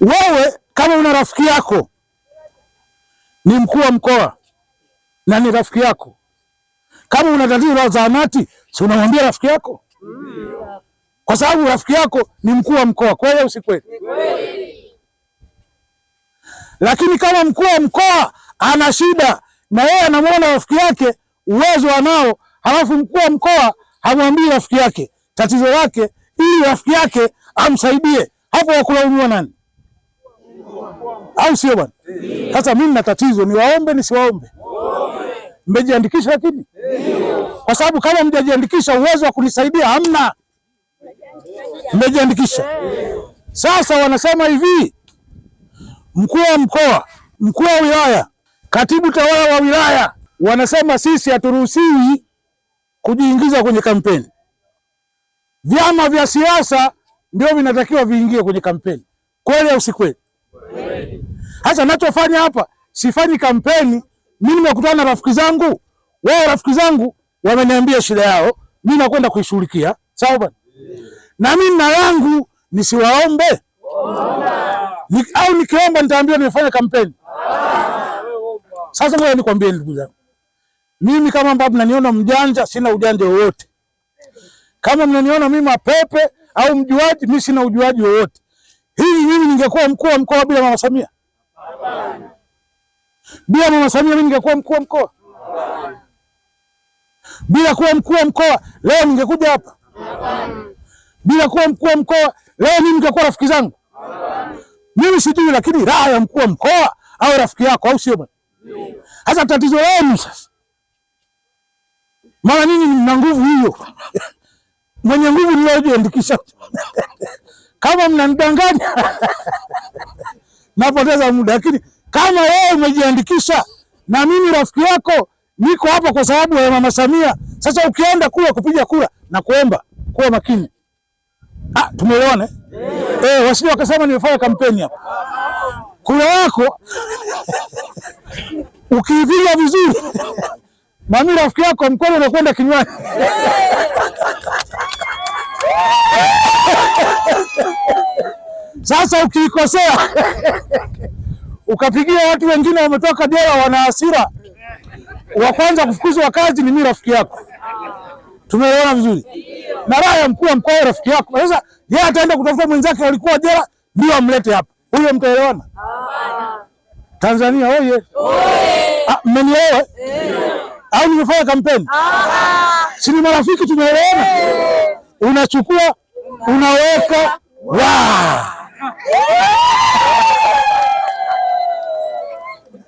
Wewe kama una rafiki yako ni mkuu wa mkoa na ni rafiki yako, kama una tatizo la zahanati, si unamwambia rafiki yako? Kwa sababu rafiki yako ni mkuu wa mkoa, kweli au si kweli? Lakini kama mkuu wa mkoa ana shida na yeye anamwona rafiki yake uwezo anao, halafu mkuu wa mkoa hamwambii rafiki yake tatizo lake, ili rafiki yake amsaidie hapo wakulaumiwa nani? au sio bwana? Sasa mimi na tatizo, niwaombe nisiwaombe? Mmejiandikisha lakini, kwa sababu kama mjajiandikisha uwezo wa kunisaidia hamna. Mmejiandikisha sasa, wanasema hivi, mkuu wa mkoa, mkuu wa wilaya, katibu tawala wa wilaya, wanasema sisi haturuhusiwi kujiingiza kwenye kampeni. Vyama vya siasa ndio vinatakiwa viingie kwenye kampeni. Kweli au si kweli? Hasa nachofanya hapa, sifanyi kampeni mimi. Nimekutana na rafiki zangu, wao rafiki zangu wameniambia shida yao, mimi nakwenda kuishughulikia. Sawa bwana, na mimi na yangu nisiwaombe Ni, au nikiomba nitaambiwa nimefanya kampeni. Sasa ngoja nikwambie ndugu zangu, mimi kama ambavyo mnaniona mjanja, sina ujanja wowote. Kama mnaniona mimi mapepe au mjuaji? Mimi sina ujuaji wowote. Hii mimi ningekuwa mkuu wa mkoa bila mama Samia? Hapana. Bila mama Samia mimi ningekuwa mkuu wa mkoa? Hapana. Bila kuwa mkuu wa mkoa leo ningekuja hapa? Hapana. Bila kuwa mkuu wa mkoa leo mimi ningekuwa rafiki zangu? Hapana. Mimi sijui, lakini raha ya mkuu wa mkoa au rafiki yako, au sio bwana? Hasa tatizo lenu sasa, maana ninyi mna nguvu hiyo mwenye nguvu ninayojiandikisha. Kama mnanidanganya napoteza muda, lakini kama wewe umejiandikisha na mimi rafiki yako niko hapa kwa sababu ya mama Samia. Sasa ukienda kule kupiga kura, nakuomba kuwa makini. Ah, tumeelewana eh? Eh, wasije wakasema nimefanya kampeni hapa. Kura yako ukiipiga vizuri, mami rafiki yako mkono unakwenda kinywani. Sasa ukiikosea ukapigia watu wengine wametoka jela, wana hasira, wa kwanza kufukuzwa kazi ni mimi rafiki yako. Tumeona vizuri, na raha ya mkuu wa mkoa rafiki yako. Sasa yeye ataenda kutafuta mwenzake walikuwa jela, ndio amlete hapa, huyo mtaelewana. Tanzania oye! Ah, mmenielewa au nimefanya kampeni? Si ni marafiki, tumeelewana unachukua unaweka wa